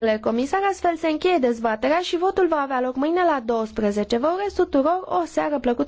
Domnule comisar, astfel se încheie dezbaterea și votul va avea loc mâine la 12. Vă urez tuturor o seară plăcută.